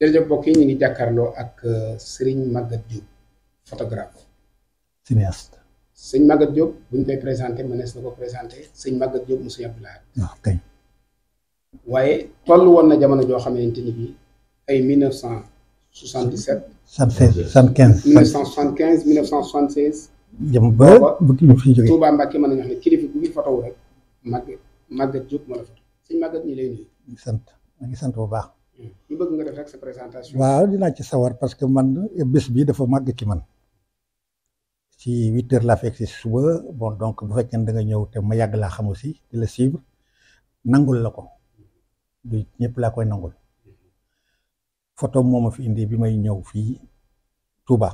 jërëjëf mbokk yi ñu ngi jàkkaarloo ak euh, Serigne Maguette Diop photographe. cinéaste. sëñ Maguette Diop buñ koy présenté mënees na ko présenté sëñ Maguette Diop mu sëñ Abdoulaye. waaye toll woon na jamono joo xamante ni bii ay 1977. 76 75. 1975 1976. jëm ba bëgg ñu fi jógee Touba Mbacke mën nañu wax ne kilifa gu fi fotow rek Maguette Maguette Diop moo la foto sëñ Maguette ñu lay nuyu. ñu sant ñu ngi sant bu baax. ñu bëgg waaw dinaa ci sawar parce que man bés bi dafa màgg ci man ci huit la laa fekk si suba bon donc bu fekkee ne da ñëw te ma yàgg laa xam si di la suivre nangul la ko du ñëpp laa koy nangul photo moo ma fi indi bi may ñëw fii Touba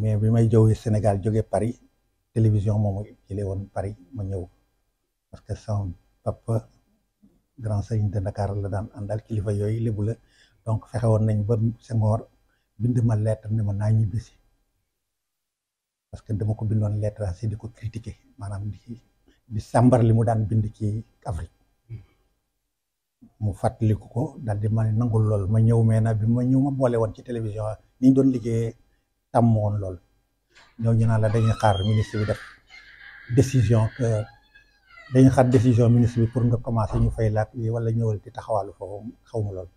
mais bi may jëwee Sénégal jóge Paris télévision moom jëlee woon Paris ma ñëw parce que sama papa. grand sëriñ de Dakar la daan àndal kilifa yooyu lébu la donc fexe woon nañ ba Senghor bind ma lettre ne ma naa ñibbisi parce que dama ko bindoon lettre si di ko critiquer maanaam di di sàmbar li mu daan bind ci Afrique mu fàttaliku ko daal di ma nangu lool ma ñëw mais nag bi ma ñëw ma boole woon ci télévision ni ñu doon liggéeye tàmm woon lool ñëw ñu naan la dañuy xaar ministre bi def décision dañu xar décision ministre bi pour nga commencé ñu fay laaj lii wala ñëwal ci taxawaalu foofu xaw ma lool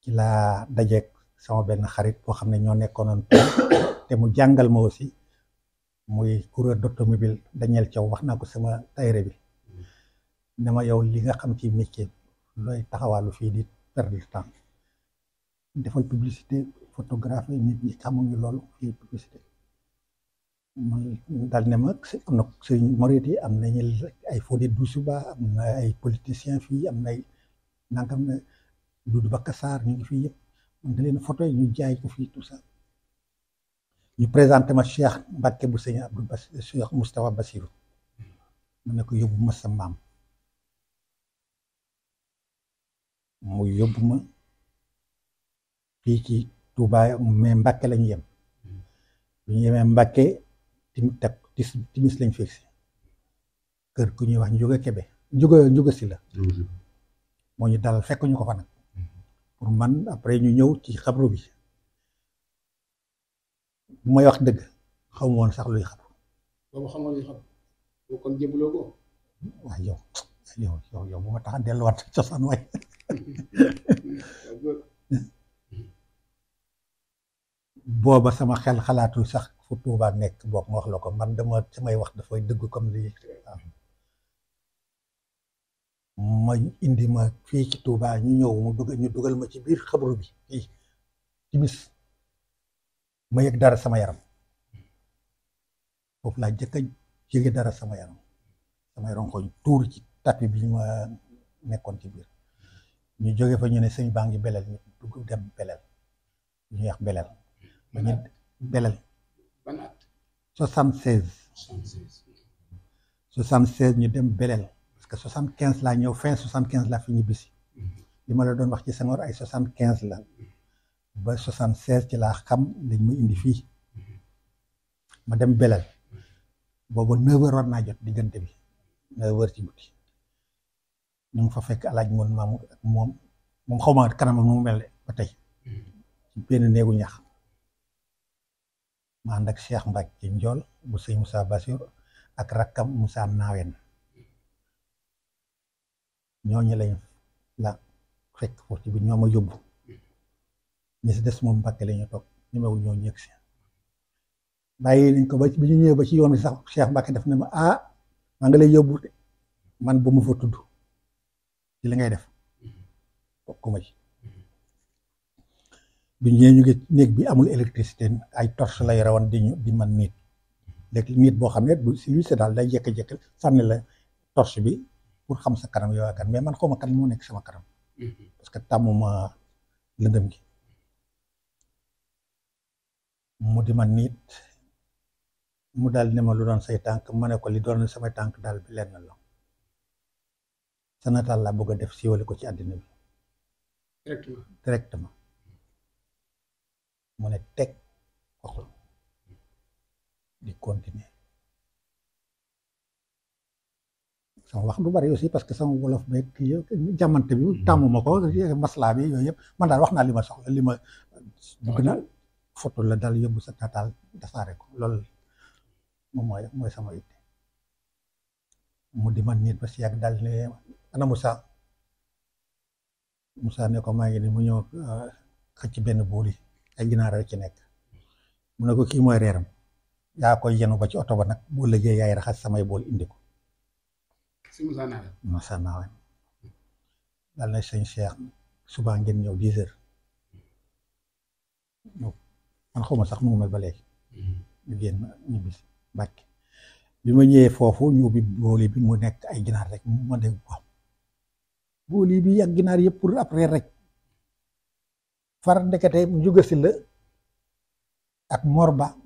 ci laa dajeeg sama benn xarit boo xam ne ñoo nekkoonoon te mu jàngal ma aussi muy coureur d'automobile Daniel Thiaw wax naa ko sama tayre bi ne yow li nga xam ci métier looy taxawaalu fii di perdre du temps defal publicité photographie nit ñi xamuñu loolu fii publicité man daal ne ma am na sëriñ morit yi am nañu ay am ay politiciens fii am na ay nangam ne Doudou Bakassar ñu ngi fii yëpp man da leen photo ñu jaay ko fii tout ça ñu présenté ma Cheikh Mbacke bu sëñ Abdou Bass Cheikh Moustapha Bassirou ma ne ko yóbbu ma sa mu yóbbu ma fii ci Touba mais Mbacke lañu yem hmm. bu ñu yemee Mbacke tim tak tis timis lañ fekk si kër ku ñuy wax ñu jóge kebe jóge jóge si la moo ñu dal fekk ñu ko fa nag mm-hmm. pour man après ñu ñëw ci xabru bi bu may wax dëgg xamu woon sax luy xabru xam nga luy xabru boobu kon tax delluwaat cosaan waay booba sama xel xalaatul sax fu Touba nekk boog ma wax la ko man dama samay wax dafay dëgg comme lii ma indi ma fii ci Touba ñu ñëw mu dugg ñu dugal ma ci biir xabru bi fii timis ma yëg dara sama yaram foofu laa jëkk a jege dara sama yaram sama yaram ko tuur ci tapi bi ma nekkoon ci biir ñu jóge fa ñu ne sëñ baa ngi belel ñu dugg dem belel ñu yax belel ñu belel ban at. soixante seize. soixante seize. ñu dem Belel parce que soixante quinze laa ñëw fin soixante quinze laa fi ñibbisi mm-hmm. li ma la doon wax ci Senghor ay soixante quinze la ba soixante seize ci laa xam dañ mu indi fii mm-hmm. ma dem Belel boobu neuf heures war naa jot diggante bi neuf heures ci guddi ñu ngi fa fekk alaaj moom moom xaw ma kanamam nu mu mel ba tey mm-hmm. ci benn néegu ñax. ma ànd ak Cheikh Mbacke Ndiol bu sëñ Moussa Bassir ak rakkam Moussa Naawen ñooñu lañ la fekk foofu ci biir ñoo ma yóbbu ñi si des moom Mbacke la ñu toog ñu mewu ñoo ñëg si bàyyi nañ ko ba bi ñu ñëwee ba ci yoon bi sax Cheikh Mbacke def na ma ah maa ngi lay yóbbu man bu ma fa tudd ci li ngay def bokk ma ci bi ñëwee ñu ngi néeg bi amul électricité ay torche lay rawan di ñu di mën nit léegi nit boo xam ne bu si daal day jékki-jékki sànni la torche bi pour xam sa kanam yow kan mais man xaw ma kan mu nekk sama kanam. Mm-hmm. parce que tàmmuma lëndëm gi. mu di ma nit mu daal ne ma lu doon say tànk ma ne ko li doon samay tànk daal bi lenn la sa nataal laa bëgg a def siiwale ko ci àddina bi. directement mu ne teg waxul di continuer sama wax du bari aussi parce que sama wolof beeg kii jàmmante bi tàmmu ma ko maslaa bi yooyu yëpp man daal wax naa li ma soxla li ma bëgg foto la daal yóbbu sa nataal ko loolu moom mooy sama yitte mu di man nit ba si yàgg ne ana Moussa Moussa ne ko maa ngi ni mu ñëw ah, xëcc benn buur yi ay ginaar rek ci nekk mu ne ko kii mooy reeram yaa koy yenu ba ci oto ba nag boo lëggee yaay raxas samay bool indi ko. Moussa Nawane dal na sëñ Cheikh suba ngeen ñëw dix heures man xaw ma sax mu ngi mel ba léegi mm-hmm. ñu génn bi ma ñëwee foofu ñu ubbi bi mu nekk ay ginaar rek mu ma dégg ko booli bi ak ginaar yëpp pour après rek. far ndekete mu njuga si la ak morba ñu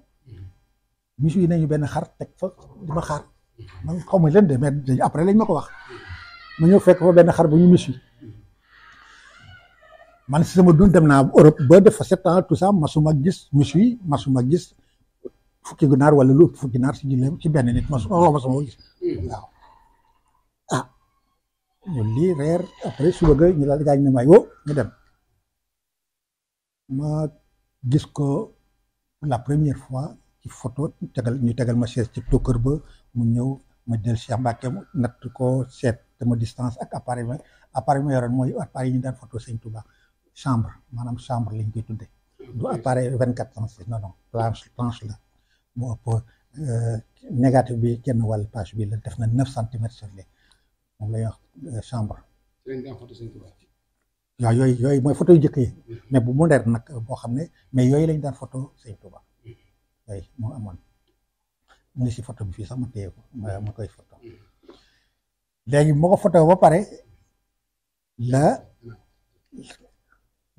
mm-hmm. suy nañu benn xar teg fa di ma xaar man xaw ma leen de mais dañu après lañ ma ko wax ma ñëw fekk fa benn xar bu ñu mis mm-hmm. man si sama dund dem naa Europe ba def fa sept ans tout ça masuma gis mis yi masuma gis fukki naar wala lu fukki naar si jëlee ci benn nit ma woo masuma gis mm-hmm. waaw ah ñu lii reer après suba ga ñu daal gaañ ne may woo ñu dem ma gis ko la première fois ci photo tegal ñu tegal ma chaise ci tokkër ba mu ñëw ma jël Cheikh Mbacke natt ko seet sama distance ak appareil ma appareil ma yoroon mooy appareil yi ñu daan photo Sëñ Touba chambre maanaam chambre lañ koy tudde du appareil vingt quatre cent non non planche planche la mu ëpp euh, négatif bi kenn wàll page bi la def na neuf centimètres sur les moom la ñuy euh, waaw yooyu yooyu mooy photo yu jëkk yi mais bu mu moderne nag boo xam ne mais yooyu lañ daan photo sëñ Touba yooyu amoon mu ngi si photo bi fii sax ma téye ko ma koy photo léegi moo photo ba pare la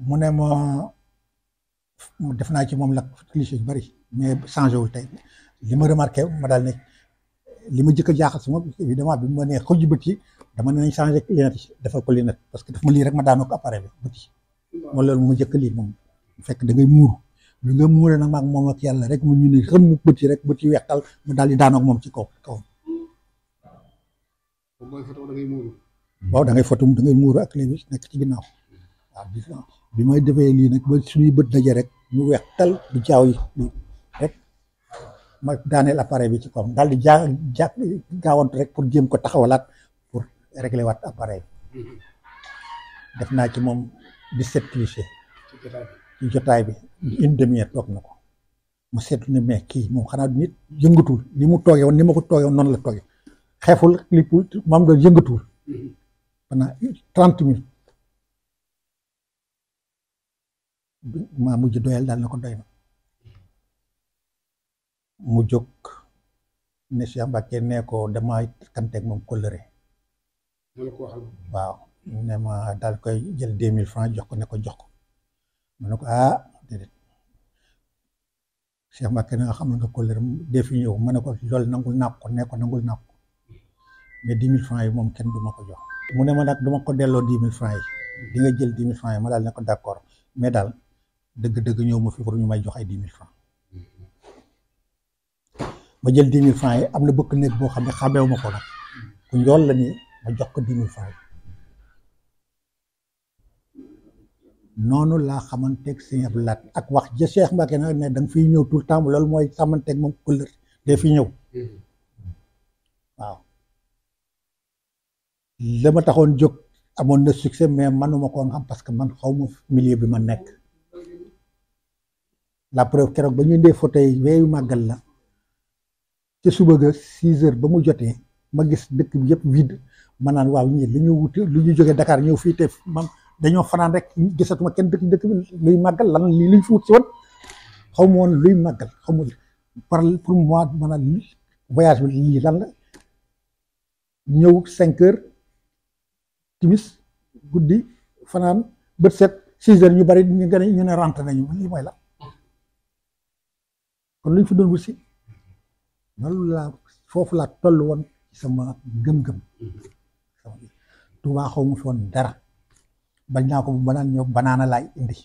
mu ne ma def naa ci moom la cliché yu bari mais changé wu tey li ma remarqué ma daal ne li ma jëkk a suma sama évidemment bi ma nee xaw ji bët yi dama ne nañ changé lunette yi dafa ko lunette parce que dafa ma lii rek ma daanoo ko appareil bi bët yi moom loolu ma jëkk lii fekk da ngay muuru li nga muuree nag maag moom ak yàlla rek mu ne xam mu yi rek bët yi weqal mu daal di daanoo moom ci kaw kaw waaw da ngay foto da ngay muuru ak léegi nekk ci ginnaaw waaw bi may defee lii nag ba suñuy bët daje rek mu weqtal du jaaw yi ma daaneel appareil bi ci kawam daal di jaa jaa gaawantu rek pour jéem ko taxawalaat pour réglé waat appareil bi mm-hmm. def naa ci moom 17 cliché ci jotaay bi une demi-heure toog na ko mu seetlu ne mais kii moom xanaa nit yëngatul ni mu toogee woon ni ma ko toogee woon noonu la toogee xeeful li maam doon yëngatul mm-hmm. pendant trente minutes ma mujj doyal daal na ko doy na mu jóg ne Cheikh Mbacke nee ko dama kanteeg moom kóllëre waaw ne ma daal koy jël deux mille francs jox ko ne ko jox ko ma ne ko ah déedéet Cheikh Mbacke na nga xam ne fi ñëw ma ne ko loolu nangul naa ko nee ko nangul naa ko mais mille francs yi du ma ko jox mu ne ma nag du ma ko delloo dix mille francs yi jël dix mille francs ma daal ne ko d'accord mais daal dëgg-dëgg ñëw ma fi pour ñu may jox ay dix mille francs ma jël dix mille yi am na bëkk néeg boo xam ne xàmmeewu ma ko nag ku njool la nii ma jox ko dix mille yi noonu laa xamanteeg Sëñ Abdou Lahat ak wax ja Cheikh Mbacké nag ne da nga fiy ñëw tout temps loolu mooy xamanteeg moom couleur day fi ñëw waaw la ma taxoon jóg amoon na succès mais manuma koo xam parce que man xaw ma millier bi ma nekk la preuve keroog ba ñu indee photo yi weeyu màggal la ca suba ga six heures ba mu jotee ma gis dëkk bi yëpp vide ma naan waaw ñii lu ñu wute lu ñu jógee Dakar ñëw fii te dañoo fanaan rek gisatuma kenn dëkk dëkk bi luy màggal lan lii luñ fi wut si woon xaw ma woon luy màggal xaw ma par pour moi maanaam voyage bi lii lan la ñëw cinq heures timis guddi fanaan bët set six heures ñu bari ñu ne rentre nañu lii mooy la kon luñ fi doon wut si loolu laa foofu laa toll woon sama gëm-gëm Tuubaa xaw ma fi dara bañ naa ko bu banaan ñëw banaana laay indi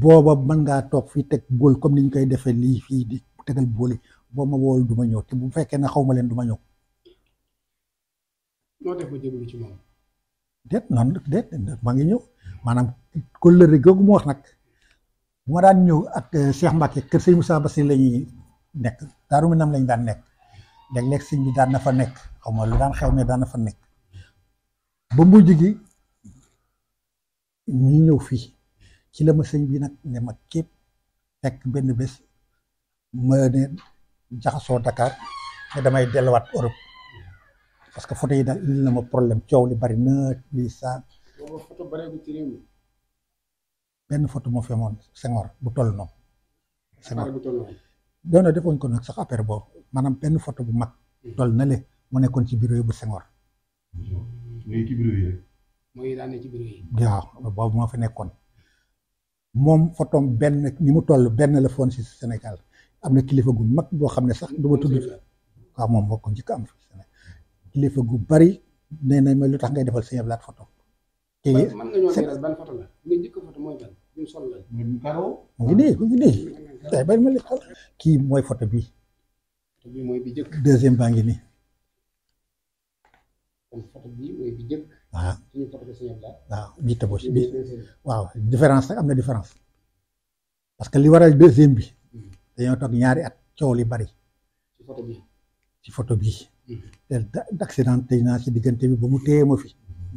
booba mën ngaa toog fii teg góol comme niñ koy defee lii fii di tegal boole boo ma wool duma ñëw te bu fekkee ne xaw ma leen du ma ñëw noo def ba jébbalu noonu déet maa ngi ñëw maanaam kóllëre googu mu wax nag bu ma daan ñëw ak euh, Cheikh Mbacke kër sëñ Moussa Bassir la ñuy nekk Daaru Minam lañ daan nekk léeg-léeg sëñ bi daan na fa nekk xaw ma lu daan xew mais daan na fa nekk ba mujj gi ñu ñëw fii ci la ma sëñ bi nag ne ma képp fekk benn bés ma ne jaxasoo Dakar ne damay delluwaat Europe parce que foto yi daal indi na ma problème coow lu bari na lii saa. benn photo moo fi amoon Senghor bu toll noonu. Senghor bu ko nag sax affaire boobu maanaam benn photo bu mag. Hmm. toll nekkoon ci bureau yi bu Senghor. moo fi nekkoon moom photom benn ni mu toll benn la foon si Sénégal am na kilifa gu mag boo xam ne sax du ma tudd. waaw moom moo ko njëkk am fi Sénégal kilifa gu bari nee nañ ma lu tax ngay defal Sëñ Abdou photo kii mën nga ñoo seetal ban photo la nga njëkk photo mooy ban ñu sol la ñu karo mu ngi nii mu ngi nii day bari ma li xal kii mooy photo bi photo bi mooy bi jëkk deuxième baa ngi nii kon photo bi mooy bi jëkk waaw suñu photo bi suñu waaw bii tabo bi waaw différence nag am na différence parce que li waral deuxième bi dañoo toog ñaari at coow li bari ci photo bi ci photo bii mhm. te accident tey naa ci diggante bi ba mu téye ma fi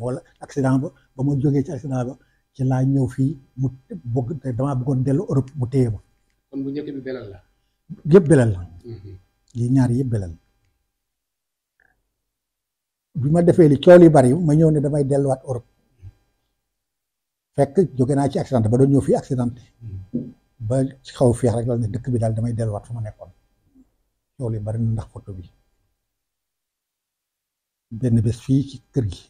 wala accident ba ba ma jógee ci accident ba ci laa ñëw fii mu bëgg damaa bëggoon dellu Europe mu téye ma. kon bu njëkk bi belal la. yëpp belal lii mhm. ñaar yëpp belal la. bi ma defee li coow li bari ma ñëw ne damay delluwaat Europe fekk jóge naa ci accident ba doon ñëw fii accident ba ci xaw feex rek la ne dëkk bi daal damay delluwaat fu ma nekkoon coow li bari ndax photo bi benn bés fii ci kër gi.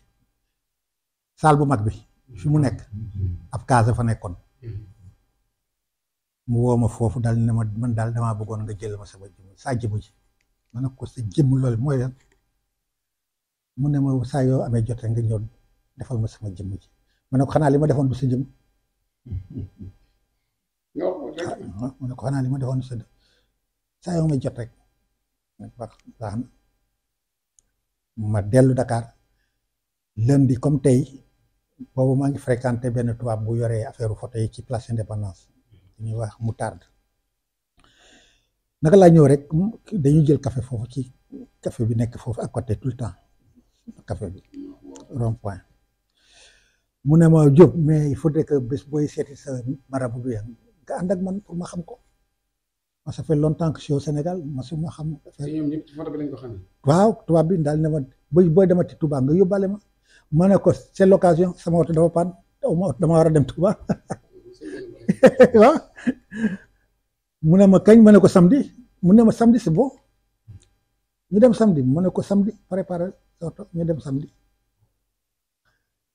saal bu mag bi fi mu nekk mm-hmm. ab kaasa fa nekkoon mm-hmm. mu woo ma foofu daal ne ma man daal damaa bëggoon nga jël ma sama jëmm saa jëmm ji ma ne ko sa jëmm loolu mooy lan mu ne ma saa amee jot nga ñëw ma sama jëmm ji ma ne ko xanaa li ma defoon bu sa jëmm ah, ah, ma ne ko xanaa li ma defoon du sa jëmm saa yoo amee jot rek ma dellu Dakar lundi comme tey boobu maa ngi fréquenté benn tubaab bu yoree affaire photo yi ci place indépendance ñuy wax moutarde naka laa ñëw rek dañuy jël kafe foofu ci café bi nekk foofu ak côté tout le temps café bi rond point mu ne ma Diop mais il faudrait que bés booy seeti sa marabu bi nga ànd ak man pour ma xam ko ma ça fait longtemps que je suis au Sénégal ma su ma xam. ci photo bi lañ ko waaw tubaab bi daal ne ma booy booy demati Touba nga yóbbaale ma. ma ne ko c'est l'occasion sama oto dafa paan dama war a dem Touba mu ne ma kañ ma ne ko samedi mu ne ma samedi c'est bon ñu dem samedi mu ne ko samedi préparé soto ñu dem samedi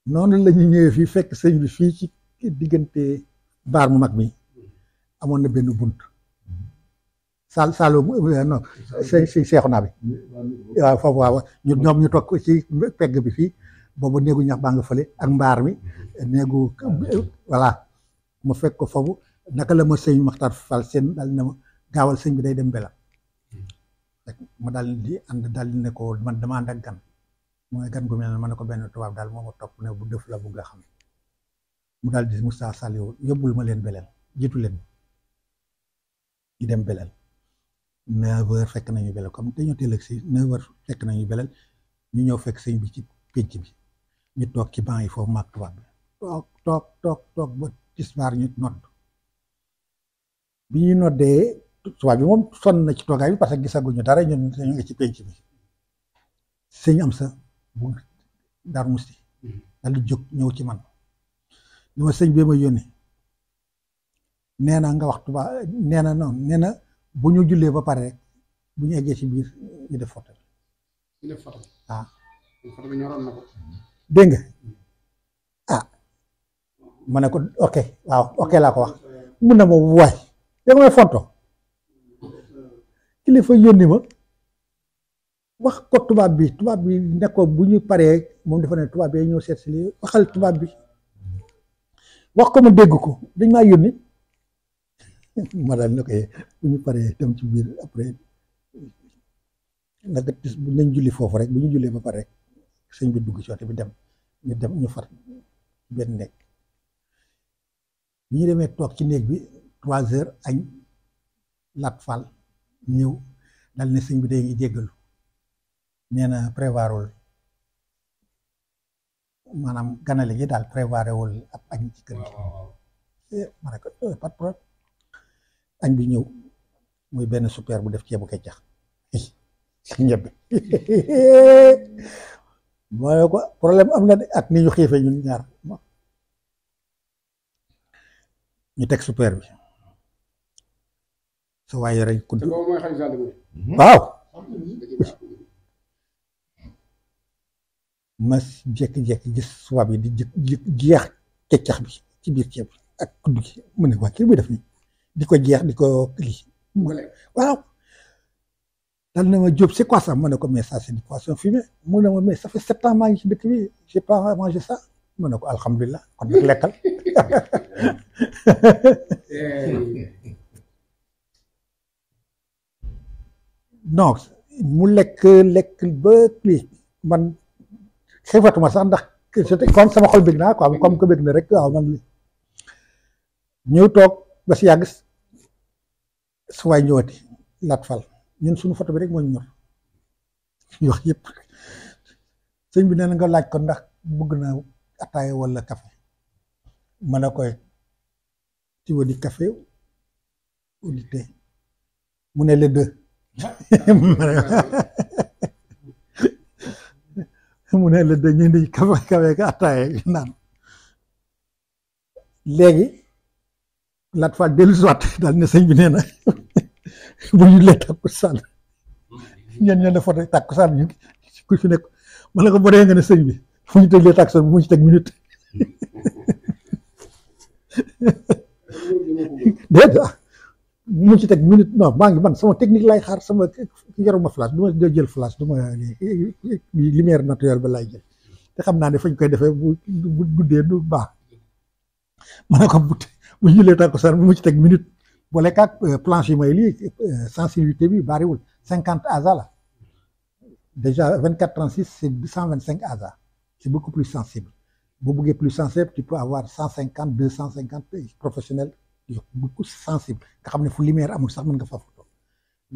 noonu la ñu ñëwee fii fekk sëñ bi fii ci diggante baar mu mag mi amoon na benn bunt saal saalo euh, non sëñ sëñ seexu naa bi waaw foofu waaw ñoom ñu toog ci pegg bi fii boobu néegu ñax baa nga fële ak mbaar mi mhm. néegu voilà ma fekk ko foofu naka la ma sëñ Maxtaar Fall seen daal na ma gaawal sëñ bi day dem bela mhm. rek ma dal di ànd daal ne ko man dama ànd ak gan mooy ne ma ne ko benn tubaab daal moo topp ne bu def la bu nga xam mu daal di Moussa Saliou yóbbul ma leen beleel jitu leen ñu dem beleel neuf heures fekk nañu beleel comme dañoo teel a si neuf fekk nañu beleel ñu ñëw fekk sëñ bi ci pénc bi ñu toog ci banc ngi foofu mag tubaab bi toog toog toog toog ba tisbaar ñu nodd bi ñuy noddee tubaab bi moom sonn na ci toogaay bi parce que gisaguñu dara ñun ñu ngi ci penc bi sëñ sa bu jóg ñëw ci man li ma sëñ bi ma na nga wax tubaab na noonu na bu ñu jullee ba pare bu ñu ci biir ñu def photo ah. na ko. Mm-hmm. dégg nga ah ma ne ko ok waaw ok laa ko wax mun na ma waay da may fonto kilifa yónni ma wax ko tubaab bi tubaab bi ne bu ñu paree moom dafa ne tubaab bi ñëw seet si lii waxal tubaab bi wax ko ma dégg ko dañ maa yónni ma daal ne ko bu ñu paree tam ci biir après nag nañ julli foofu rek bu ñu jullee ba pare rek sëñ bi dugg ci oto bi dem ñu dem ñu far benn nekk bi ñu demee toog ci néeg bi trois heures añ lat fal ñëw dal ne sëñ bi day ngi jéggalu nee na prévoirul maanaam ganale gi daal prévoirul ab añ ci kër gi eh, ma eh, añ bi ñëw muy benn super bu def ceebu keccax ñebe ma ne ko problème am na ak ni ñu xiifee ñun ñaar ñu teg super bi su waay yore ñu kudd mhm. waaw ma jékki-jékki gis suwaab yi di jeex keccax bi ci biir ceeb ak kudd gi mu ne waa kii bi def nii di ko jeex di ko lii waaw daal na ma Diop c'est quoi ça ma ne ko mais ça c'est du poisson fumé mu ne ma mais ça fait sept ans maa ngi ci pas mangé ça ma ne ko alhamdulilah kon nag lekkal. non mu lekk lekk ba kii man xeefatuma sax ndax comme sama xol bëgg naa quoi comme que bëgg na rek waaw man li toog ba si yàgg su waay ñëwati laat fal ñun suñu photo bi rek moo ñor ñu wax sëñ bi nee na nga laaj ko ndax bëgg naa ataaya wala café ma ne koy tu veux du café ou du thé mu ne les deux mu ne les deux ñu di naan léegi laat fa dellu si waat daal sëñ bi nee bu ñu lee takkusaan ñenn ñenn dafa doon takkusaan ñu ku fi nekk ma ne ko bëree nga ne sëñ bi fu ñu teg lee takkusaan bu ñu teg minute dégg nga mu ci teg minute non maa ngi man sama technique laay xaar sama yoruma flash du ma jël flash du ma lumière naturelle ba laay jël te xam naa ne fañ koy defee bu bu guddee du baax ma ne ko bu bu ñu lee takkusaan bu mu ci teg minute. boole kaag euh, planche mooy lii euh, sensibilité bi bariwul cinquante asa la déjà vingt quatre trente c'est cent vingt cinq asa c'est beaucoup plus sensible boo bëggee plus sensible tu peux avoir cent cinquante deux cent cinquante professionnels beaucoup sensible nga xam ne fu lumière amul sax mën nga fa photo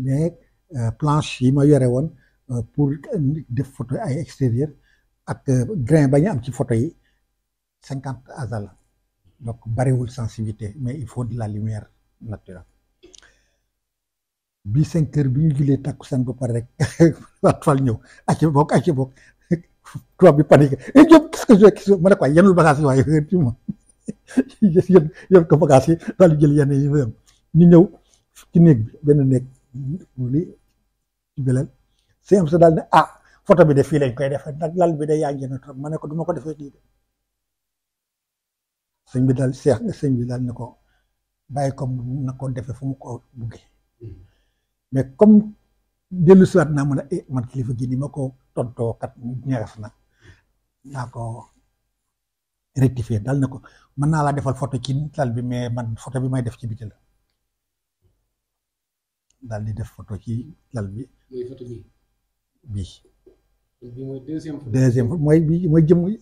mais euh, planche yi ma yore woon pour def photo ay extérieur ak grain bañ am ci photo yi cinquante asa la donc bariwul sensibilité mais il faut de la lumière naturel bi cinq heures bi ñu jullee takkusaan ba pare rek waa Fall ñëw acc bokk acc bi panique eh Diop qu'est-ce que je qu'est-ce que ah, yenul bagage waaye ci moom yéen yéen ko bagage yi daal di jël yenn néeg bi benn néeg li ci daal ne ah photo bi de fii lañ koy defee nag lal bi de yaa ngi ne trop ma ne ko du ko defee nii de sëñ bi daal seex sëñ bi daal ne ko bàyyi comme na ko defee fu mu ko buggee mais comme dellu siwaat naa mën a eh, man kilifa gi ni ma ko tontoo kat ñeres na naa ko rectifier dal na ko mën naa laa defal photo ci lal bi mais man photo bi may def ci biti la daal di def photo ci lal bi. mooy bii. mooy deuxième photo. mooy bii mooy jëmm ji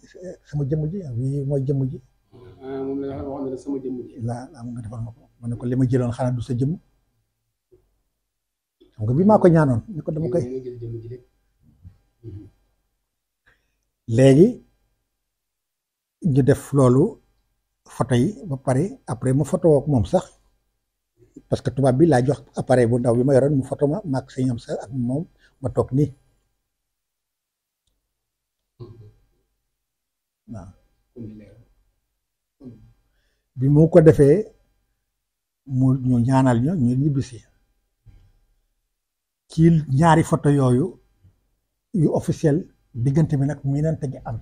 sama jëmm ji ah, bii mooy ji. Ah, moom la nga laa laa nga defal ma ko ma ne ko li ma jëloon xanaa du sa jëmm. nga bii maa ko ñaanoon ne ko dama koy léegi mhm. ñu def loolu fotoy yi ba pare après ma photo ak moom sax parce que tubaab bii laa jox appareil bu ndaw bi ma yoroon mu foto ma maag sa ñoom sax ak moom ma toog nii mhm. bi mu ko defee mu ñu ñaanal ñu ñu ñibbisi ci ñaari photo yooyu yu officiel diggante bi nag miinante gi am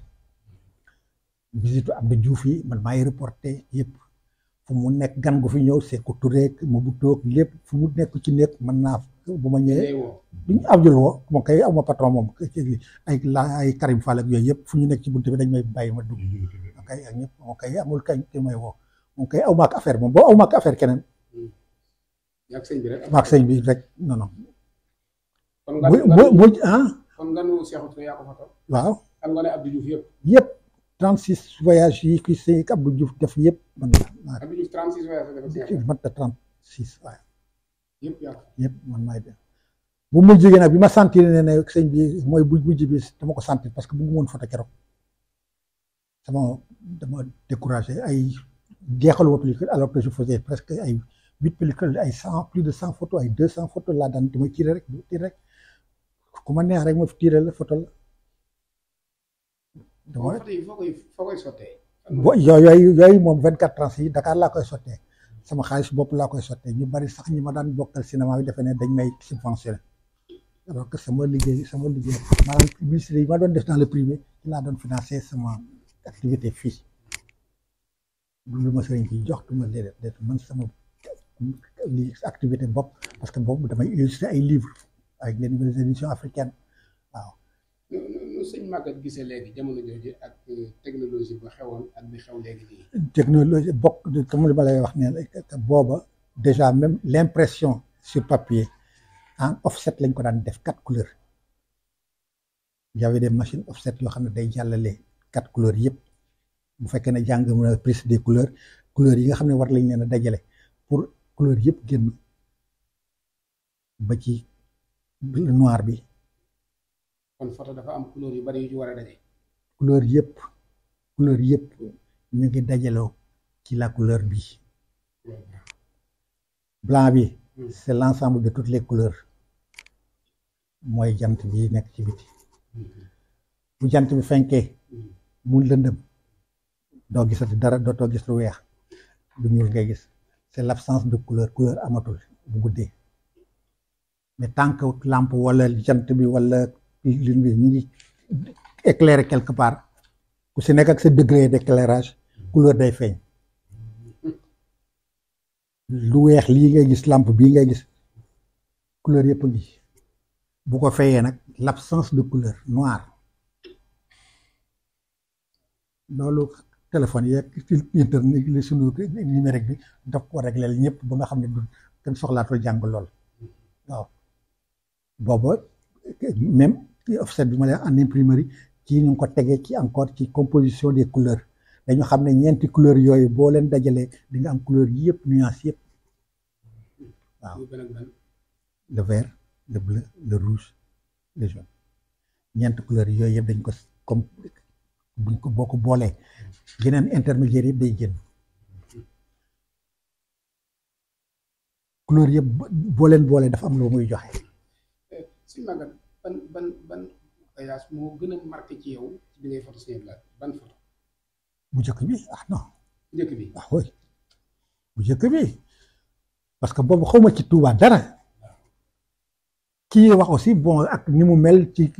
visitu Abdou Diouf yi man maay reporté yëpp fu mu nekk gan gu fi ñëw Sékou Touré Mobutu lépp fu mu nekk ci nekk mën naa bu ma ñëwee duñu abdul woo moom kay aw ma patron moom ay la ay Karim Fall ak yooyu yëpp fu ñu nekk ci buntu bi dañ may bàyyi ma dugg ok ak ñëpp kay amul kañ te may woo moom kay aw ma ak affaire moom boo aw ma ak affaire maak hmm. sëñ bi rek maak sëñ bi rek non non. bu bu ah. yëpp. yëpp 36 voyages yi kii sëñ Abdou Diouf def yëpp man la. Abdou Diouf 36 maay dem. bu mujj bi ma sentir ne ne sëñ bi mooy bu mujj bi dama ko sentir parce que bu mu woon foto keroog sama dama ay. jeexaluma pellicule alors que je faisais presque ay huit pellicules ay cent plus de cent photos ay deux cent photos laa daan dama tiré rek du ku ma neex rek ma tiré la photo la. dama yooyu yooyu moom vingt quatre ans yi Dakar laa koy sottee sama xaalis bopp laa koy sottee ñu bari sax ñi ma daan bokkal cinéma bi defe dañ may subventionné alors que sama liggéey sama liggéey maanaam publicité yi ma doon def dans le privé ci laa doon financé sama activité fii. lu ma sëriñ ci jox du ma déedéet déet man sama li activité bopp parce que boobu damay illustré ay livres avec les nouvelles éditions waaw. nu sëñ Maguette gisee léegi jamono jooju ak euh, technologie bu xewoon ak bi xew léegi nii. technologie bokk comme li ma lay wax ne booba déjà même l'impression sur papier en offset lañ ko daan def quatre couleur y avait des machines offset yoo xam ne day jàllale quatre couleur yëpp. bu fekkee ne jàng mu prise des couleurs couleurs yi nga xam ne war lañ leen a dajale pour couleur yëpp génn ba ci noir bi. kon photo dafa am couleur yu bari yu ci war a couleur yëpp couleur yëpp ñu ngi dajaloo ci la couleur bi blanc bi. Hmm. c'est l'ensemble de toutes les couleurs mooy jant bi nekk ci biti hmm. bu jant bi fenkee hmm. mu lëndëm. doo gisati dara dootoo gis lu weex lu ñuul ngay gis c'est l'absence de couleur couleur amatul bu guddee mais tant que lampe wala jant bi wala lune bi ñu ngi éclairer quelque part ku si nekk ak sa de d'éclairage couleur day feeñ lu weex lii ngay gis làmp bii ngay gis couleur yëpp ngi bu ko fayee nag l'absence de couleur noire loolu téléphone yeeg internet li suñu numérique bi daf ko régleel ñëpp ba nga xam ne du kenn soxlaatoo jàng lool waaw booba même ci offset bi ma lay en imprimerie ci ñu ngi ko tegee ci encore ci composition des couleurs dañu xam ne ñeenti couleurs yooyu boo leen dajalee di nga am couleur yëpp nuances yëpp waaw le vert le bleu le rouge le jaune ñeenti couleurs yooyu yëpp dañ ko comme buñ ko boo ko boolee yeneen intermédiaire yëpp day génn couleur yëpp booleen boolee dafa am lu muy joxe. si magal ban ban ban ci yow bi la ban photo. bu njëkk bi ah non. bu njëkk bi ah oui bu njëkk bi parce que boobu xaw xawma ci tuubaa dara kii wax aussi bon ak ni mu mel ci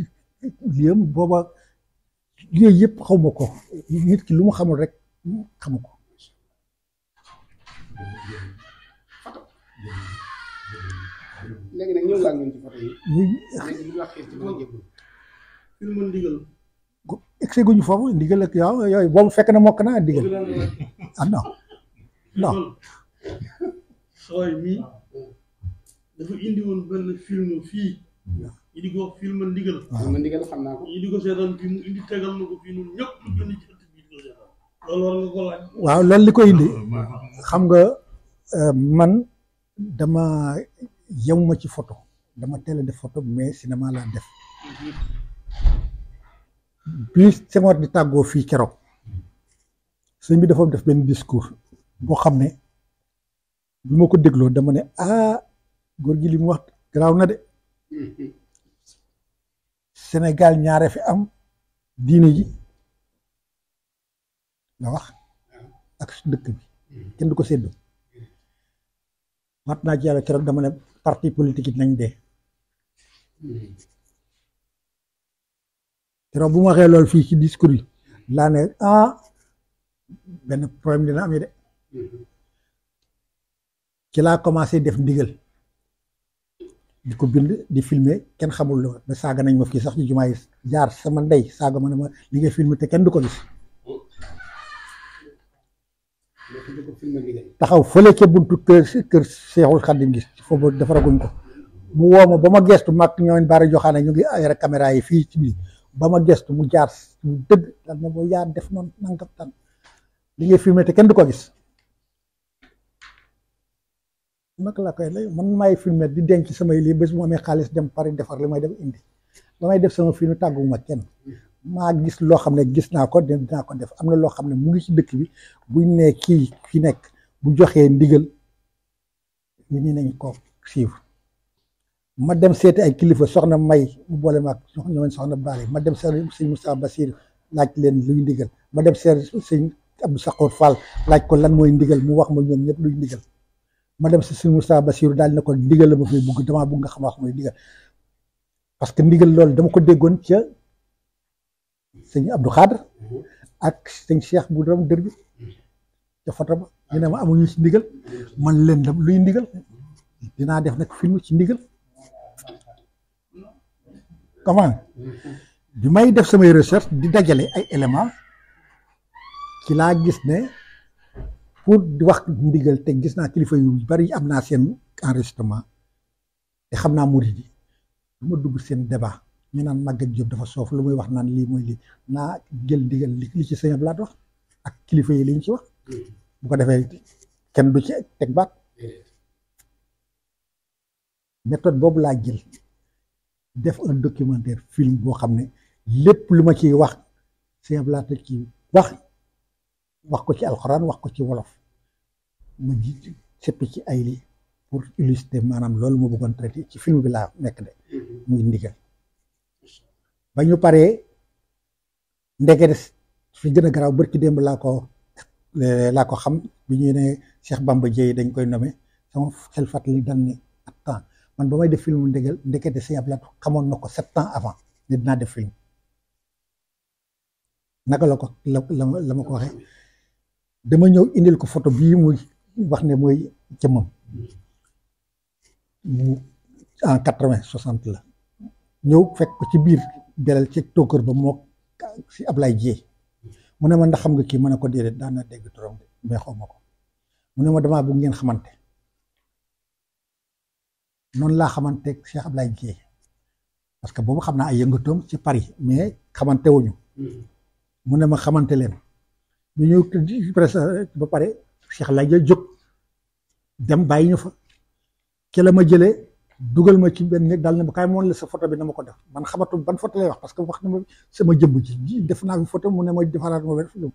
liyam booba. yooyu yëpp xaw ko nit ki lu mu xamul rek xamu ko léegi nag ñëw laa ngeen ci photo yi ñu ndigal excès yooyu boobu fekk na mokk naa ndigal ah non non sooy mi yi ah. waaw lan li ko indi. Ah, xam nga euh, man dama yemuma ci photo dama teel def photo mais cinéma laa def. bi Senghor di tàggoo fii keroog. sëñ bi dafa def benn discours boo xam ne bi ma ko dégloo dama ne ah góor gi li mu wax garaaw na de. Sénégal ñaare fi am diine ji la wax ak dëkk bi kenn ko séddoo mat naa ci yàlla keroog dama ne parti politique nañ dee keroog bu ma waxee loolu fii ci discours yi laa ne ah benn problème dina am yi de ci laa commencé def ndigal di ko bind di filme kenn xamul loo ba saaga nañ ma fii sax ci jumaa yi jaar sama ndey saaga ma ne ma li nga filmer te kenn du ko gis taxaw fële ca defaraguñ ko mu woo ma ba ma gestu mag ñooñu baara joxaane ñu ngi ay caméra yi fii ci biir ba ma gestu mu jaar mu dëgg dal ne def noonu nangam tan te kenn du ko gis naka laa koy lay man maay filmer di denc samay lii bés bu ma xaalis dem Paris defar li may def indi ba may def sama film tàggu ma kenn maa gis loo xam ne gis naa ko dinaa ko def am na loo xam ne mu ngi ci dëkk bi buñ ne kii fi nekk bu joxee ndigal nit ñi nañ ko suivre ma dem seeti ay kilifa soxna May mu boole maag ñoom soxna Bari ma dem seeti sëñ Moussa Bassir laaj leen luy ndigal ma dem seeti sëñ Abdou Sakhour Fall laaj ko lan mooy ndigal mu wax ma ñoom ñëpp luy ndigal. ma dem si suñu Moussa Bassirou daal na ko ndigal ma fay bugg damaa bugg nga xam wax mooy parce que ndigal loolu dama ko déggoon ca sëñ Abdou Khadre ak sëñ Cheikh bu dam dër bi ca foto ba ñu ne ma amuñu si ndigal man leen dam def nag film ci ndigal comment bi may def samay recherche di dajale ay éléments ci laa gis ne pour di wax ndigal te gis naa kilifa yu bari am naa seen enregistrement te xam naa murid yi lu ma dugg seen débat ñu naan Maguette jot dafa soof lu muy wax naan lii mooy lii naa jël ndigal li ci sëñ Abdoulaye wax ak kilifa yi liñ ci wax bu ko defee kenn du ci teg baat méthode boobu laa jël def un documentaire film boo xam ne lépp lu ma ci wax sëñ ci wax wax ko ci alxuraan wax ko ci wolof mu seppi ci ay li pour illustrer maanaam loolu mu bëggoon traité ci film bi laa nekk de mm-hmm. muy ndigal ba ñu paree ndege des fi gën a garaaw bërki démb laa ko eh, laa ko xam bi ñuy ne Cheikh Bamba Dieye dañ koy nommé sama xel fàttali dal ni attends man ba may def film ndégal ndekete Sëñ Abdu Lahat xamoon na ko sept ans avant ne dinaa def film naka la ko la la ma ko waxee dama ñëw indil ko photo bii muy wax ne mooy jëmmam mu en quatre vingt soixante la ñëw fekk ko ci biir belal ci tóokër ba moo si Ablaye Dieye mu ne ma ndax xam nga kii ma ne ko déedéet daan naa dégg turam de mais xaw ma ko mu ne ma damaa bëgg ngeen xamante noonu laa xamante Cheikh Ablaye Dieye parce que boobu xam naa ay yëngatoom ci Paris mais xamante hmm. mu ne ma xamante leen bi ñu presse ba pare Cheikh Laja jóg dem bàyyi ñu fa ke la ma jëlee dugal ma ci benn néeg daal ne ma kaay moon la sa photo bi na ma ko def man xamatu ban photo lay wax parce que wax na sama jëmm ji def naa fi photo mu ne ma defaraat ma benn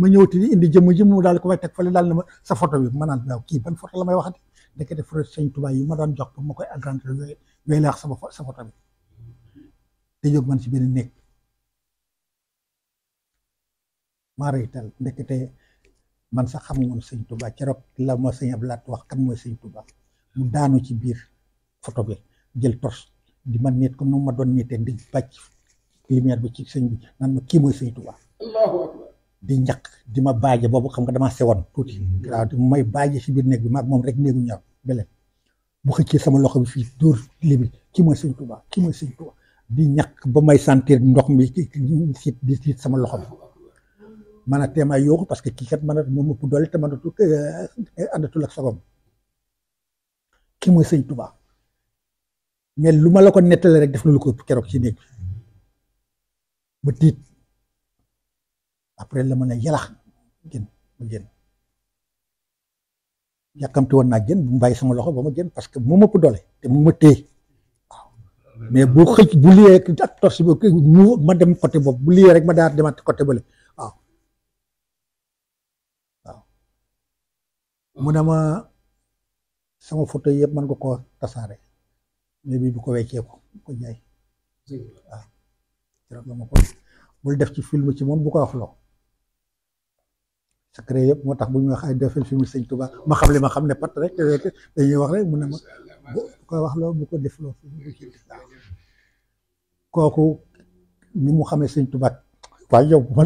ma ñëwati indi jëmm ji mu daal ko may teg fële daal ne ma sa photo bi ma naan daaw kii ban photo la may waxati ndekete photo sëñ Tuubaa yi ma daan jox ba ma koy agrandir yooyu yooyu la wax sama sa photo bi te jóg man ci benn nekk maarital te man sax xam woon sëñ Touba keroog la ma sëñ Ablaat wax kan mooy sëñ Touba mu daanu ci biir photo bi jël tors di man nit comme nu ma doon nitee di bàcc lumière bi ci sëñ bi naan ma kii di ñaq di ma baaje boobu xam nga damaa sewoon tuuti waaw di may si biir néeg bi maag moom rek néegu ñor beleen bu xëccee sama loxo bi fii dóor li bi kii mooy sëñ di ñaq ba may sentir ndox mi ci sama loxo bi man a teem ay yooxu parce que kii kat mën a moom ëpp doole te mënatul eh, àndatul ak sagom ki mooy sëñ Tuubaa mais lu ma la nettalee rek def na ko keroog ci néeg mu après la mën a yalax génn mu woon naa bu mu bàyyi loxo ba ma génn parce que moom ëpp doole mu ma téye waaw mais bu xëj bu liyee ak torsi ba ma dem côté boobu bu liyee rek ma daal demaat côté bële mu ne ma sama photo yëpp man ko koo tasaare mais bi bu ko weccee ko ko jaay ma ko bul def ci film ci moom bu ko wax loo secret yëpp moo tax bu ñu wax ay defal film xam li ma xam ne pat rek dañuy wax rek mu ne ma bu ko wax loo bu ko def loo kooku ni mu xamee sëñ Touba waaye yow ma